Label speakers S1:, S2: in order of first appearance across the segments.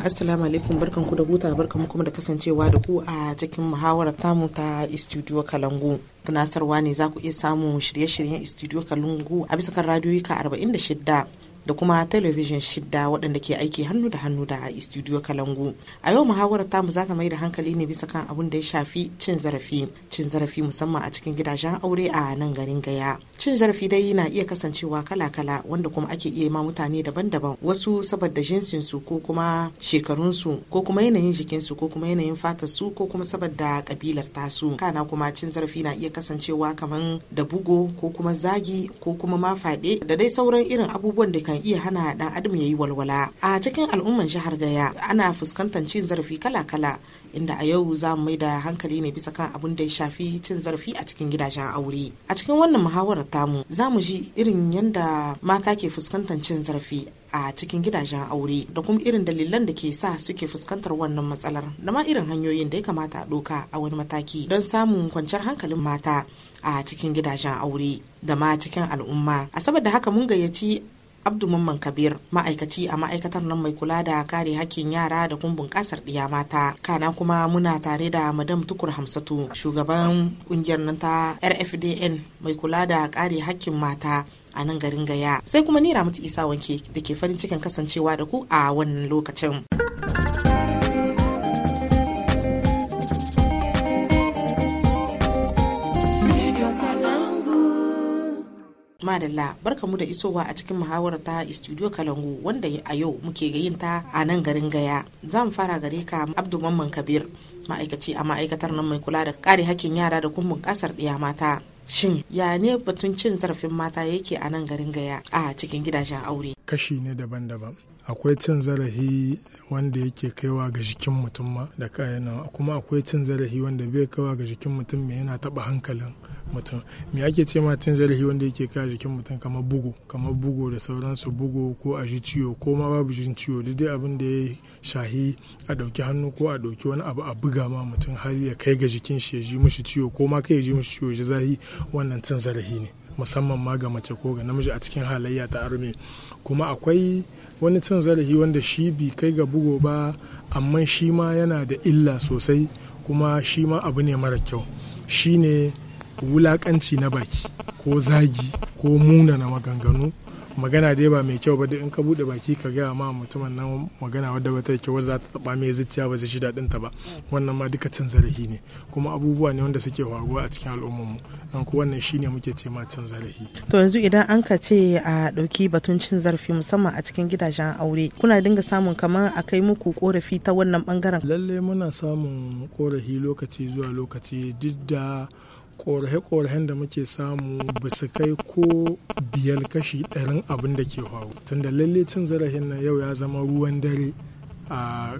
S1: assalamu alaikum barkan ku da huta barkan kuma da kasancewa da ku a cikin muhawarar tamu ta studio kalangu tunasarwa ne za ku iya samun shirye-shiryen studio kalangu a bisa kan da 46 da kuma talabijin shidda waɗanda ke aiki hannu da hannu da studio kalangu a yau muhawarar tamu za ta mai da hankali ne bisa kan abin da ya shafi cin zarafi cin zarafi musamman a cikin gidajen aure a nan garin gaya cin zarafi dai na iya kasancewa kala-kala wanda kuma ake iya ma mutane daban-daban wasu saboda jinsin su ko kuma shekarun su ko kuma yanayin jikin su ko kuma yanayin su ko kuma saboda kabilar tasu kana kuma cin zarafi na iya kasancewa kamar da bugo ko kuma zagi ko kuma ma faɗe da dai sauran irin abubuwan da kan iya hana dan adam ya yi walwala a cikin al'umman jihar gaya ana fuskantar cin zarafi kala-kala inda a yau za mu mai da hankali ne bisa kan abin da ya shafi cin zarafi a cikin gidajen aure a cikin wannan muhawarar tamu za mu ji irin yadda mata ke fuskantar cin zarafi a cikin gidajen aure da kuma irin dalilan da ke sa suke fuskantar wannan matsalar da ma irin hanyoyin da ya kamata a ɗoka a wani mataki don samun kwanciyar hankalin mata a cikin gidajen aure da ma cikin al'umma a saboda haka mun gayyaci abdu mamman kabir ma'aikaci a ma'aikatar nan mai kula da kare hakkin yara da kuma bunƙasar ɗiya mata kana kuma muna tare da madam tukur hamsatu shugaban ƙungiyar nan ta rfdn mai kula da kare hakkin mata a nan garin gaya sai kuma nira mutu isa wanke da ke farin cikin kasancewa da ku a wannan lokacin. madalla mu da isowa a cikin muhawarar ta studio kalango wanda a yau muke yin ta a nan garin gaya zan fara gare ka abdu mamman kabir ma'aikaci a ma'aikatar nan mai kula da kare hakkin yara da kuma bunkasar ɗiya mata shin ya ne batun cin zarafin mata yake a nan garin gaya a cikin gidajen aure
S2: kashi ne daban-daban akwai cin zarafi wanda yake kaiwa ga jikin mutum ma da kayan kuma akwai cin zarafi wanda bai kaiwa ga jikin mutum mai yana taba hankalin mutum me ake ce ma cin zarafi wanda yake a jikin mutum kamar bugu kamar bugu da sauransu bugu ko a ji ciwo ko ma babu jin ciwo duk dai abin da ya shahi a ɗauki hannu ko a ɗauki wani abu a buga ma mutum har ya kai ga jikin shi ya ji mishi ciwo ko ma kai ya ji mishi ciwo ya zahi wannan cin zarafi ne musamman ma ga mace ko ga namiji a cikin halayya ta arme kuma akwai wani cin zarafi wanda shi bi kai ga bugu ba amma shi ma yana da illa sosai kuma shi ma abu ne mara kyau shi ne wulakanci na baki ko zagi ko muna na maganganu magana dai ba mai kyau ba in ka bude baki ka gaya ma mutumin nan magana wadda ba ta kyau za ta taba mai zuciya ba zai shi daɗin ta ba wannan ma duka cin zarafi ne kuma abubuwa ne wanda suke faruwa a cikin al'ummarmu don ku wannan shine muke ce ma cin zarafi
S1: to yanzu idan an ka ce a ɗauki batun cin zarafi musamman a cikin gidajen aure kuna dinga samun kamar a kai muku korafi ta wannan
S2: bangaren lalle muna samun korafi lokaci zuwa lokaci duk ƙorahe korahen da muke samu ba su kai ko biyar kashi ɗarin abin da ke faru tunda lalle cin zarafin na yau ya zama ruwan dare a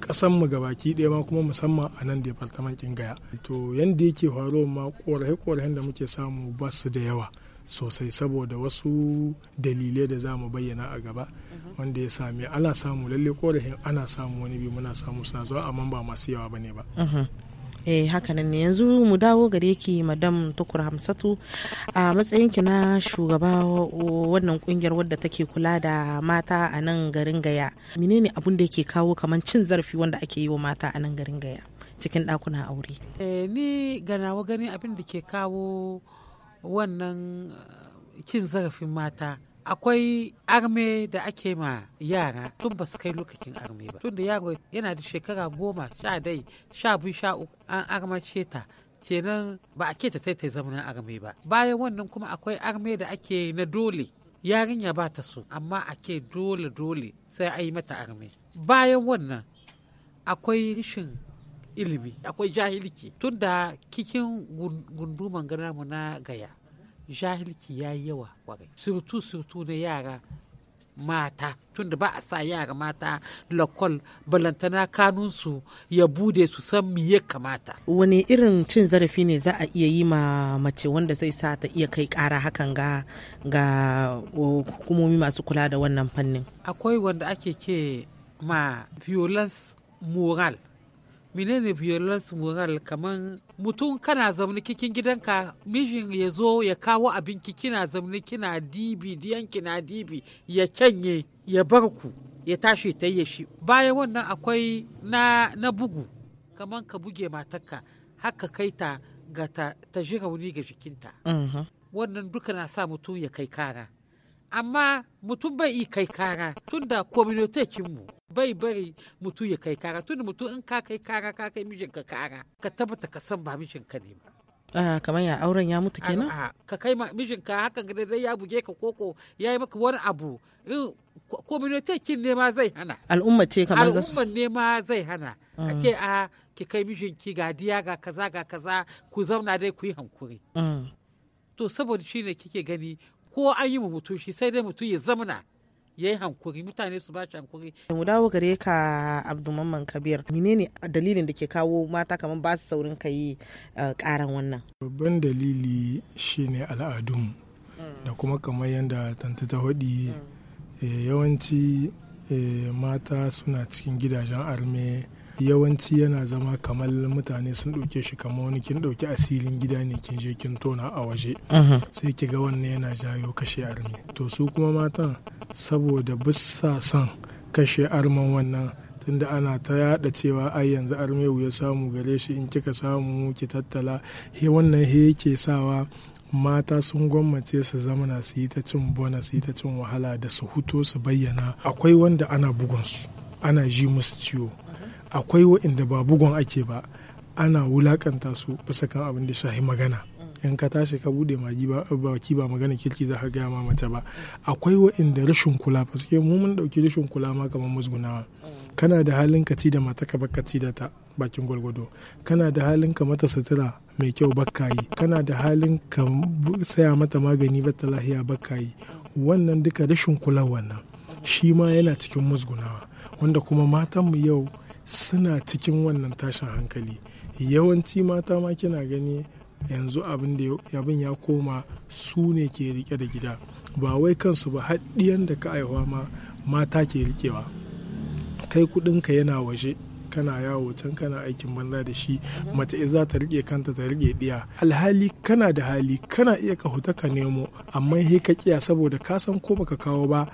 S2: ƙasanmu baki ɗaya ma kuma musamman a nan departamentin gaya to yadda yake faruwa ma korahe-korahen da muke samu ba su da yawa sosai saboda wasu dalilai da za mu bayyana a gaba wanda ya sami ana samu lalle korafin ana samu wani biyu muna samu suna zuwa amma ba masu yawa ba ne ba
S1: eh hakanan ne yanzu mu dawo gare ki madam tukur hamsatu a matsayin ki na shugaba wannan kungiyar wadda take kula da mata a nan garin gaya menene abun da yake kawo kamar cin zarafi wanda ake yi wa mata a nan garin gaya cikin ɗakunan aure
S3: eh ni ga nawa ganin abin da ke kawo wannan eh, cin zarafin mata akwai arme da ake ma yara tun ba su kai lokacin arme ba Tun da yaro yana da shekara goma sha dai sha biyu sha uku an armace ta kenan ba a ke ta ta zama arme ba bayan wannan kuma akwai arme da ake na dole yarinya ba ta so amma a ke dole dole sai a yi mata arme bayan wannan akwai rishin ilimi akwai Tun da kikin gunduman gana mu na gaya jahilci ya yi yawa kwarai surutu-surutu na yara mata tunda ba a sa yara mata lakol balantana kanunsu ya bude su san mi ya kamata
S1: wani irin cin zarafi ne za a iya yi ma mace wanda zai sa ta iya kai kara hakan ga ga hukumomi masu kula da wannan fannin
S3: akwai wanda ake ke ma violence moral menene violence moral kaman. mutum kana zaune kikin gidanka mijin ya zo ya kawo abinki kina zaune kina dibi diyan kina dibi ya canye ya bar ku ya tashi ta yi shi bayan wannan akwai na, bugu kaman ka buge matarka haka kai ta ga ta, ta ji rauni ga jikinta wannan duka na sa mutum ya kai kara amma mutum bai yi kai kara tunda mu bai bari mutu ya kai kara da mutum in ka kai kara ka kai mijinka kara ka tabbata ka san ba mijinka ne ba Ah, kamar ya auren ya mutu kenan ah, ah ka kai ka haka dai ya buge ka koko ya yi maka wani abu communitakin ne ma zai hana al'umma ce kamar zasu al'umma ne ma zai hana ah. a ce a ah, ki kai ki ga diya ga kaza ga kaza ku zauna dai ku yi hankuri to saboda shine kike gani ko an yi mutum shi sai dai mutum ya zamana ya yi hankuri mutane su ba shi hankuri.
S1: mu dawo gare ka abdulmamman kabir menene dalilin da ke kawo mata kamar ba su saurin ka yi karan eh, wannan.
S2: babban dalili shine al'adun da kuma kamar yadda tanta ta hudi mm. eh, yawanci eh, mata suna cikin gidajen arme yawanci yana zama kamar mutane sun ɗauke shi kamar wani kin ɗauki asirin gida ne kin je kin tona a waje mhm. sai ki ga wannan yana jayo kashe armi to su kuma matan saboda bisa son kashe arman wannan tunda ana ta yada cewa ai yanzu armewu ya samu gare shi in kika samu ki tattala he wannan he yake sawa mata sun gwammace su zamana su yi ta cin bona su yi ta cin wahala da su huto su bayyana akwai wanda ana bugunsu ana ji musu ciwo akwai waɗanda ba bugun ake ba ana wulakanta su bisa kan abin da shahi magana in ka tashi ka bude magi ba baki ba magana kirki za ka gaya ma mace ba akwai waɗanda rashin kula ba suke mu mun dauki rashin kula ma kamar musgunawa kana da halin ka ci da mata ka baka ci da ta bakin gwalgwado kana da halin ka mata sutura mai kyau baka yi kana da halin ka saya mata magani ba ta lahiya baka yi wannan duka rashin kula wannan shi ma yana cikin musgunawa wanda kuma mu yau suna cikin wannan tashin hankali yawanci mata ma kina gani yanzu abin ya koma su ne ke rike da gida ba wai kansu ba haɗiyan da ka aihuwa ma mata ke rikewa kai kudinka yana waje kana yawo can kana aikin banza da shi mace za ta rike kanta ta rike ɗiya alhali kana da hali kana iya ka huta ka nemo amma he ka kiya saboda kasan ko baka kawo ba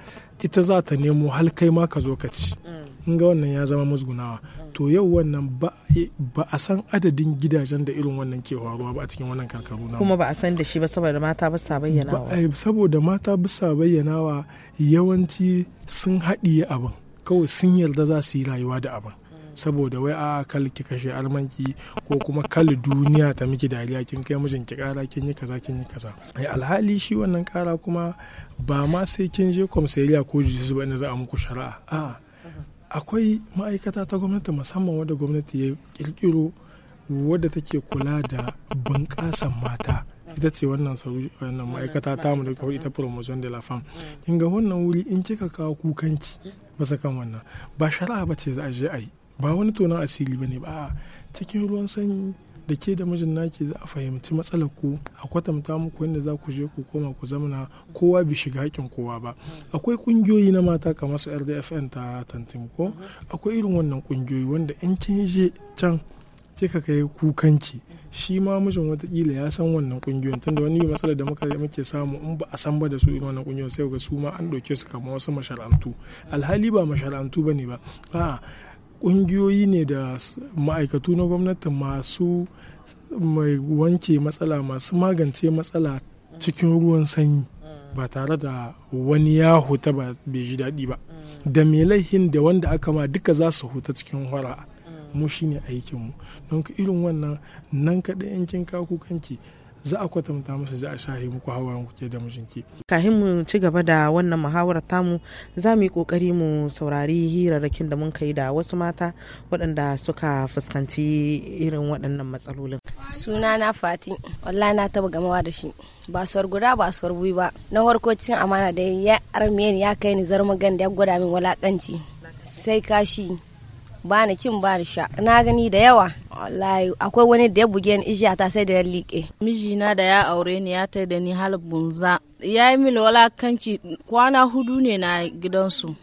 S2: ita za ta nemo har kai ma ka zo ka ci mm. in ga wannan ya zama musgunawa to yau wannan ba a san adadin gidajen da irin wannan ke faruwa ba a cikin wannan karkaru na kuma ba a san da shi ba saboda mata ba sa bayyanawa eh, saboda mata ba sa bayyanawa yawanci sun haɗiye abin kawai sun yarda za su yi rayuwa da abin saboda wai a kal ki kashe almanki ko kuma kal duniya ta miki dariya kin kai mijin ki kara kin yi kaza kin yi kaza ai eh, alhali shi wannan kara kuma ba ma sai kin je komisariya ko jisu ba inda za a muku shari'a a akwai ma'aikata ta gwamnati musamman wadda gwamnati ya kirkiro wadda take kula da bunƙasan mata ita ce wannan wannan ma'aikata ta mu da kawai ita promotion de la femme kin ga wannan wuri in kika kawo kukanki sa kan wannan ba shari'a ba ce za a je a yi ba wani tonon asiri ba ne ba a cikin ruwan sanyi da ke da mijin naki za a fahimci matsalar ku a kwatanta muku yadda za ku je ku koma ku zamana kowa bi shiga hakin kowa ba akwai kungiyoyi na mata kamar su rdfn ta tantin ko akwai irin wannan kungiyoyi wanda in kin je can kika kai kukanki shi ma mijin watakila ya san wannan kungiyoyin tunda wani matsalar da muka muke samu in ba a san ba da su irin wannan kungiyoyin sai ga su ma an ɗauke su kama wasu masharantu alhali ba masharantu ba ne ba a'a ƙungiyoyi ne da ma'aikatu na gwamnati masu mai wanke matsala masu magance matsala cikin ruwan sanyi ba tare da wani ya huta ba bai ji daɗi ba da mai laihin da wanda aka ma duka za su huta cikin hura mu shine aikinmu don irin wannan nan kaɗai yankin kanki za a kwatanta musu za a shahi muku hawan kuke da mijinki.
S1: Kahin mu ci gaba da wannan muhawarar tamu za mu yi kokari mu saurari hirarrakin da mun kai da wasu mata waɗanda suka fuskanci irin waɗannan matsalolin.
S4: Suna na Fati, wallahi na taba gamawa da shi. Ba suwar guda ba suwar bui ba. Na farko cikin amana da ya arme ya kai ni zarmagan da ya gwada min walakanci. Sai kashi ba ni cin ba ni sha na gani da yawa wallahi akwai wani da ya buge ni ijiya ta sai da ya liƙe mijina da ya aure ni ya tai da ni hal bunza
S1: ya yi mini walakanci kwana hudu ne na gidansu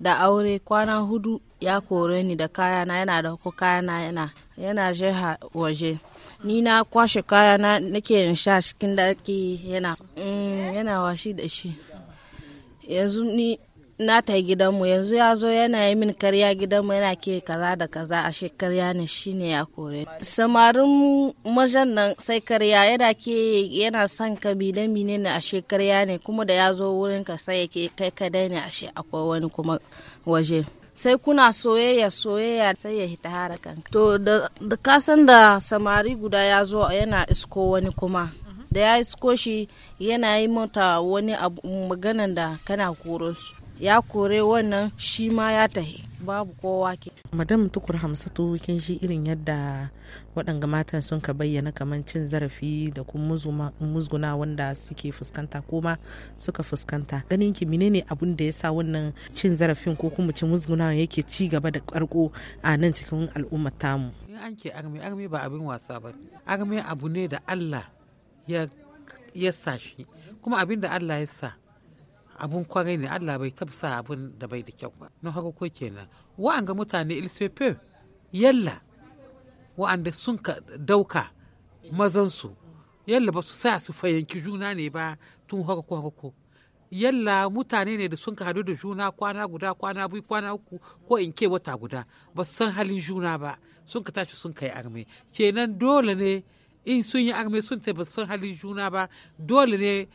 S1: da aure kwana hudu ya kore ni da kayana yana da ko na yana yana jiha waje ni na kwashe kayana nake in sha cikin daki yana mm, yana washi da shi yanzu ni na ta mu yanzu ya zo yana yi min karya gidanmu yana ke kaza da kaza a shekarya ne shine ya kore samarin majan nan sai karya yana ke yana son ka mine ne a shekarya ne kuma da ya zo wurin ka sai yake kai kadai ne a she akwai wani kuma waje sai kuna soyayya soyayya sai ya hita harakan to da kasan da samari guda ya zo yana isko wani kuma da ya isko shi yana yi mata wani abu maganan da kana koro su ya kore wannan shi ma ya tahi babu kowa ke. madam tukur hamsatu kin shi irin yadda waɗanga matan sun ka bayyana kamar cin zarafi da kuma musguna wanda suke fuskanta ko ma suka fuskanta ganin ki menene abun da ya sa wannan cin zarafin ko kuma cin musguna yake ci gaba da karko a nan cikin al'ummar tamu
S3: in an ke armi armi ba abin wasa ba armi abu ne da Allah ya ya sa shi kuma abin da Allah ya sa abun kwarai ne Allah bai taba sa abun da bai da kyau ba na ko kenan wa'anga mutane ilsefe yalla wa'anda sun ka dauka mazansu yalla ba su sa su fayyanki juna ne ba tun ko haka ko. yalla mutane ne da sun ka hadu da juna kwana guda kwana biyu kwana uku ko in ke wata guda ba su san halin juna ba sun ka tashi sun kai arme kenan dole ne in sun yi arme sun ta ba su san halin juna ba dole ne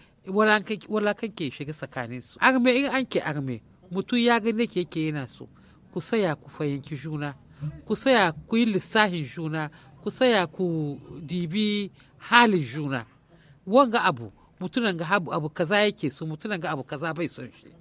S3: walakanke shiga tsakanin su arme in an ke arme mutum ya gani ke yake yana so ku saya ku fahimci juna ku saya ku yi lissahin juna ku saya ku dibi halin juna wanga abu mutunan ga abu kaza yake so mutunan ga abu kaza bai son shi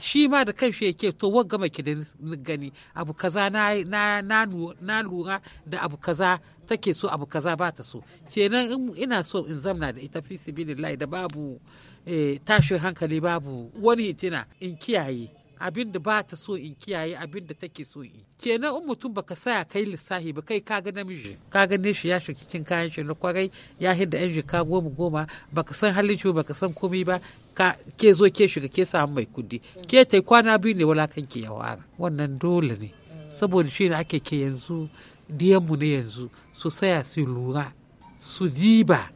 S3: shi ma da kanshi yake to wanga mai da gani abu kaza na lura da abu kaza take so abu kaza ba ta so kenan ina so in zamna da ita fi sibilillahi da babu eh, tashin hankali babu wani hitina in kiyaye abin da ba ta so in kiyaye abin da take so yi kenan in mutum baka saya kai lissafi ba kai kaga namiji ka ne shi ya shuki kin kayan shi na kwarai ya hidda yan ka goma goma baka san halin shi baka san komai ba ka ke zo ke shiga ke samu mai kudi ke tai kwana biyu ne wala kan ke wara wannan dole ne saboda shi ne ake ke yanzu diyanmu na yanzu su saya su lura su diba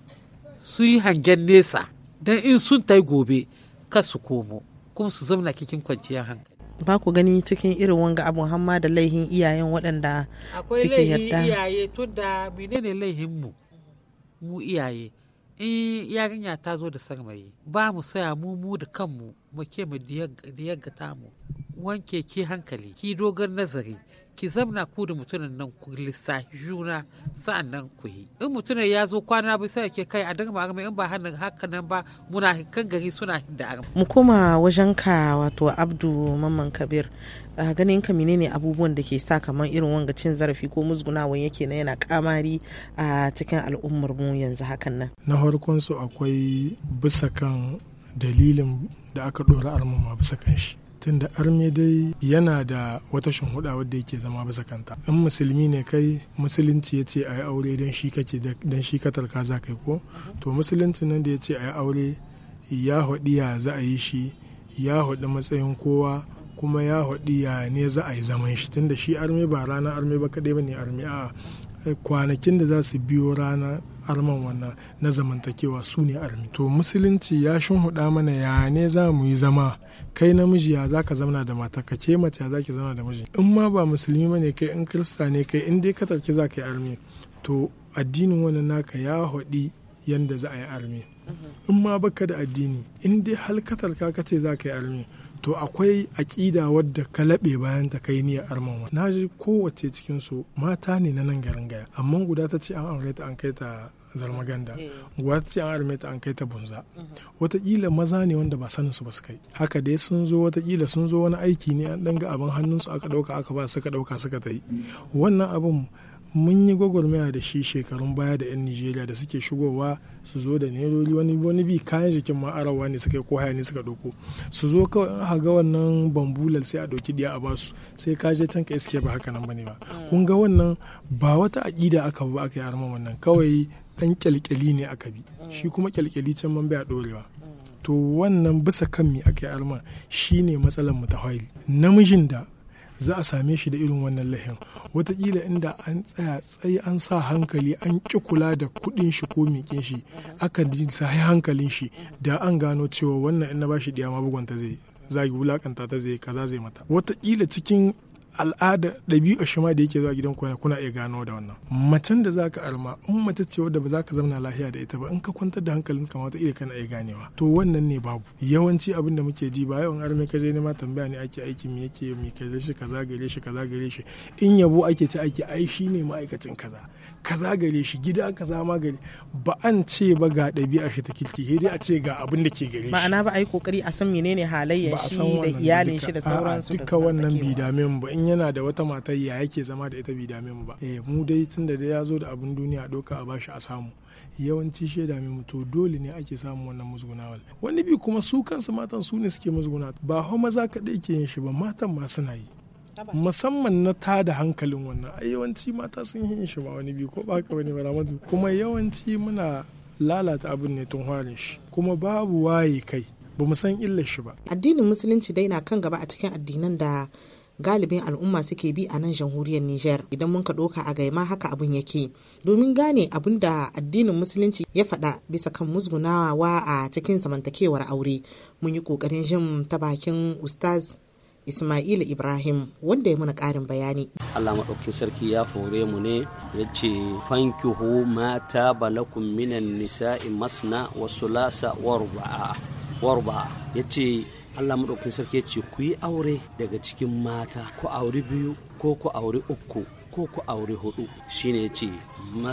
S3: su yi hangen nesa don in sun tai gobe kas su komo kuma su zamna cikin kwanciyar hankali ba ku gani cikin
S1: irin wanga abun hamma da laihin iyayen waɗanda
S3: suke yarda akwai iyaye tun da menene laihin mu mu iyaye in yarinya ta zo da sarmayi ba mu saya mu mu da kanmu mu ke mu diyagga mu wanke ke hankali ki dogon nazari ki zamna ku da mutumin nan ku lissafi juna sa'an nan ku yi in mutumin ya zo kwana bi sai ke kai a dinga magana in ba hannun haka nan ba muna kan gari suna da agama.
S1: mu koma wajen ka wato abdu mamman kabir a ganin ka menene abubuwan da ke sa kamar irin wanga cin zarafi ko musgunawan yake na yana kamari a cikin al'ummar mu yanzu hakan nan
S2: na farkon su akwai bisa kan dalilin da aka dora armama bisa kan shi tunda arme dai yana da wata shunhuda wadda yake zama bisa kanta in musulmi ne kai musulunci ya ce a yi aure don shi ka talka ka za kai ko to musulunci nan da ya ce a yi aure ya haɗi ya za a yi shi ya haɗi matsayin kowa kuma ya haɗi ya ne za a yi zaman shi tun da shi arme ba rana arme ba kaɗai ba ne arme a kwanakin da za su biyo rana arman wannan na zamantakewa su ne armi to musulunci ya shunhuda mana ya ne za mu yi zama kai namiji ya za ka zamana da mata ka ke mace ya za ki zama da miji in ma ba musulmi ba ne kai in kirista ne kai in dai ka za ka yi armi to addinin wannan naka ya haɗi yanda za a yi armi mhm. in ma baka da addini in dai halkatar ka ce za ka yi armi to akwai aƙida wadda ka laɓe bayan ta kai niyyar arman na ji kowace cikin su mata ne na nan garin gaya amma guda ta ce an aure ta an kai ta zarmaganda eh. guda ta ce an arme ta an kai ta bunza mhm. wataƙila maza ne wanda ba sanin su ba su kai haka dai sun zo wataƙila sun zo wani aiki ne an ɗanga abin hannunsu aka ɗauka aka ba suka ɗauka suka ta yi wannan abin mun yi gwagwarmaya da shi shekarun baya da 'yan nigeria da suke shigowa su zo da neroli wani wani bi kayan jikin ma arawa ne suka yi ko ne suka doko su zo ka ga wannan bambulal sai a doki diya a basu sai ka je tanka iske ba haka nan ne ba kun ga wannan ba wata aƙida aka ba aka yi arman wannan kawai dan kyalkyali ne aka bi shi kuma kyalkyali can man bai a dorewa to wannan bisa kan mi aka yi arman shine matsalar mu ta namijin da za a same shi da irin wannan lahin watakila inda an tsaya tsaye an sa hankali an ƙi kula da kuɗin shi ko miƙin shi aka ji hankalin shi da an gano cewa wannan in na bashi diya ma bugunta zai wulakanta ta zai kaza zai mata watakila cikin al'ada ɗabi'a shi ma da yake zuwa gidan kwaya kuna iya gano da wannan macen da zaka alma in mace ce wadda ba za ka zauna lafiya da ita ba in ka kwantar da hankalin ka wata iya kana iya ganewa to wannan ne babu yawanci abin da muke ji ba yawan arme kaje ne ma tambaya ne ake aiki me yake me kaje shi kaza gare shi kaza gare shi in yabo ake ta ake ai shi ne ma'aikacin kaza kaza gare shi gida kaza ma gare ba an ce ba ga ɗabi'a shi ta kirki sai dai a ce ga abin da ke gare shi ma'ana
S1: ba a yi kokari a san menene halayyar shi da iyalin shi da sauransu duka
S2: wannan bi dame mu ba in yana da wata matar ya yake zama da ita bai dame mu ba eh, mu dai tunda da ya zo da abin duniya a doka a bashi a samu yawanci shi dame mu to dole ne ake samu wannan musgunawal wani bi kuma su kansu matan su ne suke musguna ba ho maza kaɗai ke yin shi ba matan ma suna yi musamman na ta da hankalin wannan a yawanci mata sun yi shi ba wani bi ko ba ka bane ba. kuma yawanci muna lalata abin ne tun halin shi kuma babu waye kai ba mu san illar shi ba addinin musulunci dai na kan gaba a cikin addinan da
S1: galibin al'umma suke bi a nan jamhuriyar Nijar idan mun ka doka a gaima haka abun yake domin gane abin da addinin musulunci ya faɗa bisa kan musgunawa a cikin zamantakewar aure mun yi ƙoƙarin jin ta bakin ustaz Ismail Ibrahim wanda ya muna ƙarin bayani.
S4: Allah maɗaukin sarki ya fure mu ne ya ce fankihu mata balakun minan nisa'i masna wasu lasa warba'a. Warba'a ya ce Allah maɗaukin sarki ya ce ku yi aure daga cikin mata ku aure biyu ko ku aure uku ko ku aure hudu shine ya ce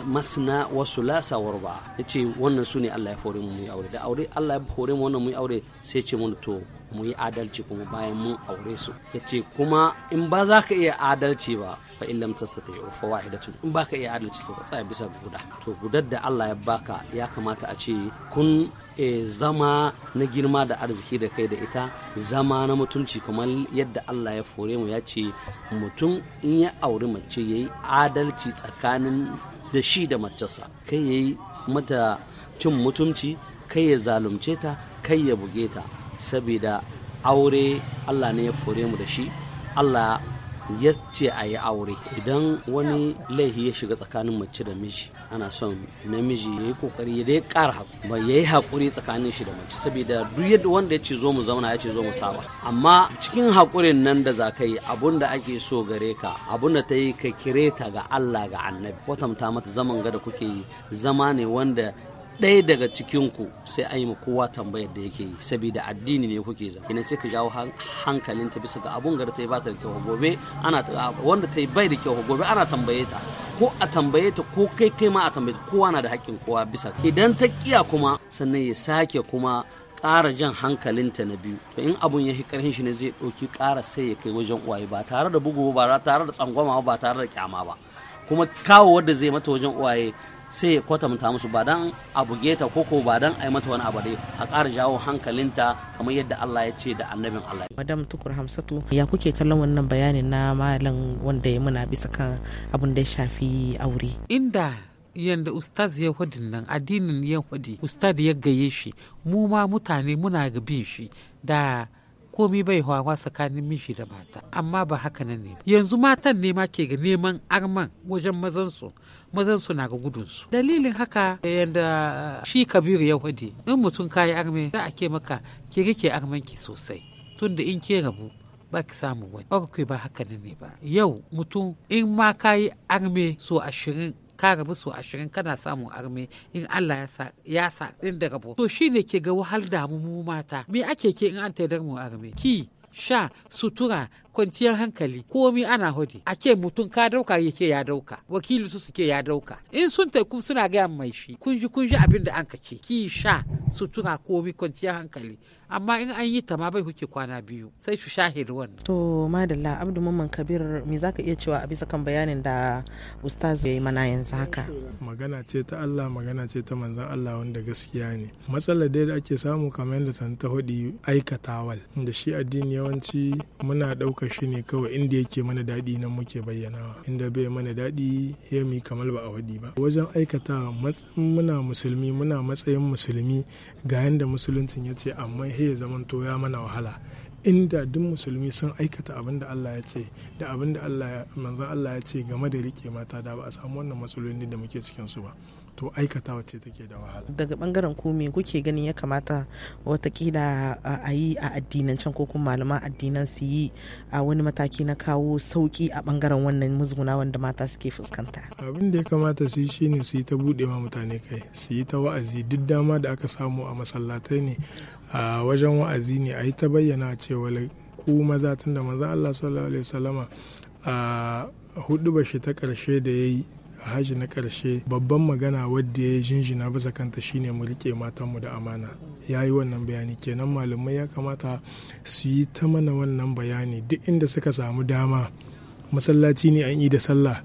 S4: masna wasu lasa warba ya ce wannan su ne Allah ya fore mu mu aure da aure Allah ya fore mu wannan mu yi aure sai ce mun to mu yi adalci kuma bayan mun aure su ya ce kuma in ba za ka iya adalci ba fa in lam yau fa tun in baka iya adalci to ka tsaya bisa guda to gudar da Allah ya baka ya kamata a ce kun e, zama na girma da arziki da kai da ita zama na mutunci kamar yadda Allah ya fore mu ya ce mutum in ya auri mace yayi adalci tsakanin da shi da matarsa kai yayi mata cin mutunci kai ya zalunce ta kai ya buge ta saboda aure allah ne ya fure mu da shi allah ya ce a yi aure idan wani laifi ya shiga tsakanin mace da miji ana son namiji ya yi kokari ya dai kara ba ya yi haƙuri tsakanin shi da mace saboda duk yadda wanda ya ce zo mu zauna ya ce zo mu saba amma cikin haƙurin nan da za ka yi abun da ake so gare ka abun da ta yi ka kire ta ga Allah ga annabi kwatanta mata zaman ga kuke yi zama ne wanda ɗaya daga cikinku sai an yi ma kowa tambayar da yake yi saboda addini ne kuke za kenan sai ka jawo hankalinta bisa ga abun gar ta yi bata da kyau gobe ana wanda ta yi bai da kyau gobe ana tambaye ta ko a tambaye ta ko kai kai ma a tambaye ta kowa na da haƙƙin kowa bisa idan ta kiya kuma sannan ya sake kuma ƙara jan hankalinta na biyu to in abun ya fi ƙarfin shi ne zai ɗauki ƙara sai ya kai wajen uwaye ba tare da bugu ba tare da tsangwama ba tare da kyama ba kuma kawo wanda zai mata wajen uwaye sai ya kwatanta musu ba dan a buge ko ko ba dan a yi mata wani abu dai a ƙara jawo hankalinta kamar yadda Allah ya ce da annabin Allah. Madam Tukur
S1: Hamsatu ya kuke kallon wannan bayanin na malam wanda ya muna bisa kan abin da ya shafi aure.
S4: Inda
S3: yanda ustaz ya hudin nan addinin ya hudi ustaz ya gaye shi mu ma mutane muna ga bin shi da komi bai hawa tsakanin mishi da mata amma ba haka nan ne yanzu matan ne ma ke ga neman arman wajen mazansu mazansu na ga gudun gudunsu dalilin haka yadda eh, shi kabiru ya hudi in mutum kayi arme za a ke maka ki rike arman ki sosai tunda in ke rabu ba ki samu wani ba ba haka ne ba yau mutum in ma kayi arme so ashirin ka rabu su ashirin kana samun arme in Allah ya sa din da rabu to shi ne ke ga wahal damu mu mata me ake ke in an taidar mu arme ki sha sutura kwanciyar hankali komi ana hudi a ke mutum ka dauka yake ya dauka wakili su suke ya dauka in sun taiku suna gaya mai shi kunji kunji abin da an ce ki sha su tuna komi kwanciyar hankali amma in an yi ta ma bai huke kwana biyu sai su shahiri wannan.
S1: to madalla abdu mamman kabir me zaka iya cewa a bisa kan bayanin da ustaz ya yi mana yanzu
S2: haka. magana ce ta allah magana ce ta manzon allah wanda gaskiya ne matsalar dai da ake samu kamar yadda ta hudi aikatawal da shi addini yawanci muna ɗauka ɗauka shi ne kawai inda yake mana daɗi nan muke bayyanawa inda bai mana daɗi ya mi kamar ba a waɗi ba wajen aikata muna musulmi muna matsayin musulmi ga yadda musuluncin ya ce amma ya to ya mana wahala inda duk musulmi sun aikata abin da Allah ya ce da abin da Allah manzon Allah ya ce game da rike mata da ba a samu wannan matsaloli da muke cikin su ba to aikata wacce take da wahala
S1: daga bangaren ku me kuke ganin ya kamata watakila a yi a addinancen ko kuma malaman addinan su yi a wani mataki na kawo sauki a bangaren wannan muzguna wanda mata suke fuskanta
S2: abin da ya kamata su yi shine su yi ta bude ma mutane kai su yi ta wa'azi duk dama da aka samu a masallatai ne a wajen wa'azi ne a yi ta bayyana cewa ku maza tun da maza Allah sallallahu alaihi wasallama a hudu bashi ta karshe da ya yi a haji na ƙarshe babban magana wadda ya jinjina bisa kanta shine mu rike matanmu da amana ya yi wannan bayani kenan malamai ya kamata su yi ta mana wannan bayani duk inda suka samu dama masallaci ne an yi da sallah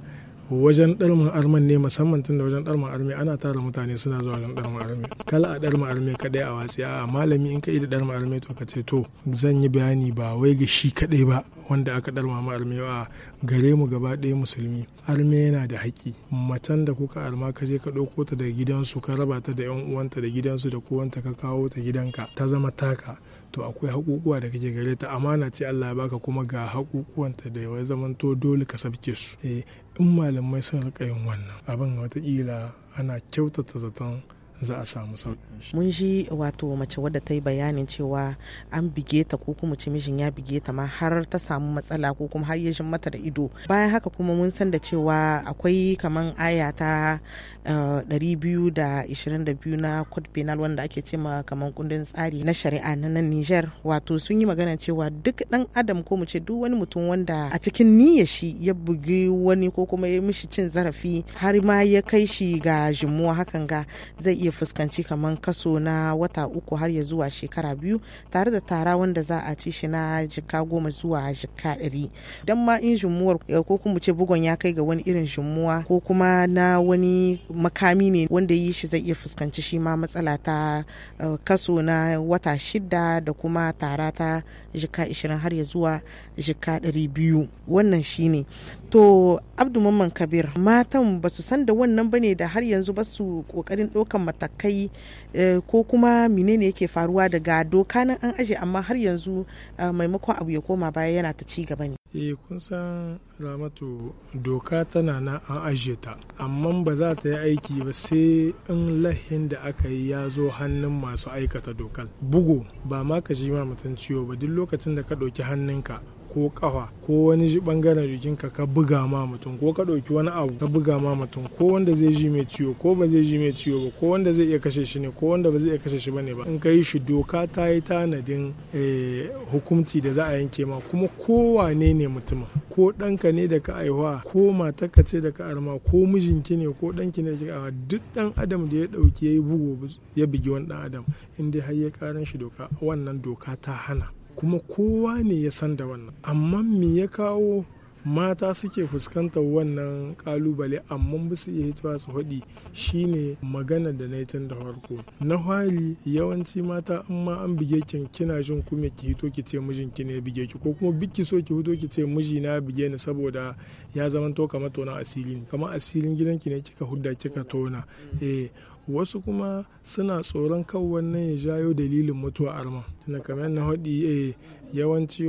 S2: wajen ɗarmin arman ne musamman tun da wajen ɗarmin arme ana tara mutane suna zuwa wajen ɗarmin arme kala a ɗarmin arme kaɗai a watsi a malami in ka yi da ɗarmin arme to ka ce to zan yi bayani ba wai ga shi kaɗai ba wanda aka ɗarmama ma a gare mu gaba ɗaya musulmi Arme yana da haƙƙi matan da kuka alma ka je ka ɗauko ta daga gidansu ka raba ta da yan uwanta da gidansu da kowanta ka kawo ta gidanka ta zama taka to akwai haƙuƙuwa da kake gare ta amana ce Allah ya baka kuma ga haƙuƙuwanta da ya zamanto dole ka sabke su eh, in malamai sun rika yin wannan abin watakila ana kyautata zaton za a samu sauki.
S1: Mun ji wato mace wadda ta yi bayanin cewa an bige ta ko kuma ce mijin ya bige ta ma har ta samu matsala ko kuma har ya mata da ido. Bayan haka kuma mun san da cewa akwai kaman aya ta 222 eh, na Code Penal wanda ake ce ma kaman kundin tsari na shari'a na nan Niger wato sun yi magana cewa duk dan adam ko mu ce duk wani mutum wanda a cikin niyyar shi ya bugi wani ko kuma ya mishi cin zarafi har ma ya kai shi ga jimuwa hakan ga zai iya fuskanci kamar kaso na wata uku har ya zuwa shekara biyu tare da tara wanda za a ci shi na jika goma zuwa jika ɗari don ma in jumuwar eh, ko kuma ce bugon ya kai ga wani irin jumuwa ko kuma na wani makami ne wanda yi shi zai iya fuskanci shi ma matsala ta eh, kaso na wata shida da kuma tara ta jika ishirin har ya zuwa jika ɗari biyu wannan shine to abdu mamman kabir matan ba su san da wannan bane da har yanzu ba su kokarin ɗaukan matakai eh, ko kuma menene yake faruwa daga doka nan an aje amma har yanzu eh, maimakon abu ya koma baya yana ta ci gaba ne
S2: eh kun san ramatu doka tana na an aje ta amma ba za ta yi aiki ba sai in lahin da aka yi ya zo hannun masu aikata dokar bugu ba ma ka ji ma mutum ciwo ba duk lokacin da ka ɗauki hannunka ko kafa ko wani bangaren jikinka ka buga ma mutum ko ka ɗauki wani abu ka buga ma mutum ko wanda zai ji mai ciwo ko ba zai ji mai ciwo ba ko wanda zai iya kashe shi ne ko wanda ba zai iya kashe shi bane ba in ka yi shi doka ta yi tanadin eh, hukunci da za a yanke ma kuma ko kowane ne mutumin ko ɗanka ne da ka aihuwa ko matarka ce da ka arma ko mijinki ne ko ɗanki ne da ka duk ɗan adam da ya ɗauki ya yi bugu ya bugi wani ɗan adam in dai har ya karan shi doka wannan doka ta hana kuma kowa ne ya san da wannan amma me ya kawo mata suke fuskantar wannan kalubale amma ba su iya hitowa su haɗi shine magana da na tun da farko na hali yawanci mata in an bige kin kina jin kuma ki hito ki ce mijin ki ne bige ki ko kuma biki so ki hito ki ce miji na bige ni saboda ya zama to kamar tona asiri ne kamar asirin gidan ki ne kika hudda kika tona eh wasu kuma suna tsoron kan wannan ya jayo dalilin mutuwa arma na kamar na haɗi eh, yawanci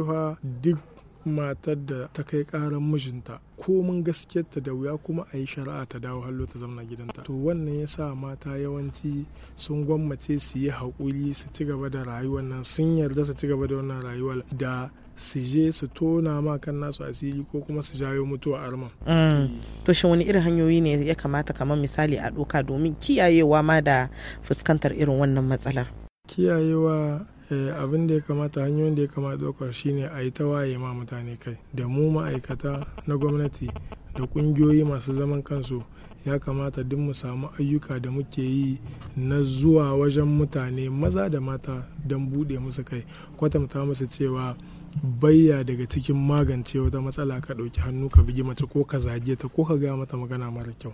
S2: duk matar da ta kai karan mijinta komin gaskiyarta da wuya kuma a yi shari'a ta dawo hallo ta zamna gidanta to wannan ya sa mata yawanci sun gwammace su yi haƙuri su ci gaba da rayuwar nan sun yarda su ci gaba da wannan rayuwar da su je su tona ma kan nasu asiri ko kuma su jayo mutuwa arman.
S1: Mm. to shi wani irin hanyoyi ne ya kamata kamar misali a doka domin kiyayewa ma da fuskantar irin wannan matsalar
S2: kiyayewa Eh, abin da ya kamata hanyoyin da ya kamata ɗaukar shine a yi ta ma mutane kai da mu ma'aikata na gwamnati da ƙungiyoyi masu zaman kansu ya kamata duk mu samu ayyuka da muke yi na zuwa wajen mutane maza da mata don buɗe musu kai kwatanta musu cewa bayya daga cikin magance wata matsala ka ɗauki hannu ka bigi mace ko ka zage ta ko ka gaya mata magana mara kyau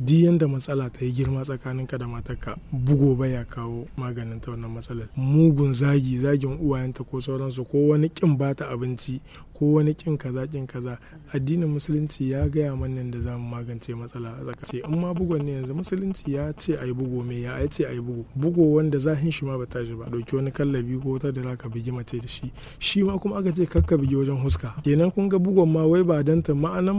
S2: di yanda matsala ta yi girma tsakaninka da matarka bugo baya kawo maganin ta wannan matsalar mugun zagi zagin uwayenta ko sauransu ko wani kin bata abinci ko wani kin kaza kin kaza addinin musulunci ya gaya mana da zamu magance matsala a Sai in ma bugon ne yanzu musulunci ya ce ayi bugo me ya ce ayi bugo bugo wanda zahin shi ma ba tashi ba dauki wani kallabi ko wata da zaka bigi mace da shi shi ma kuma aka ce kakka bigi wajen huska kenan kun ga bugon ma wai ba danta ma'anan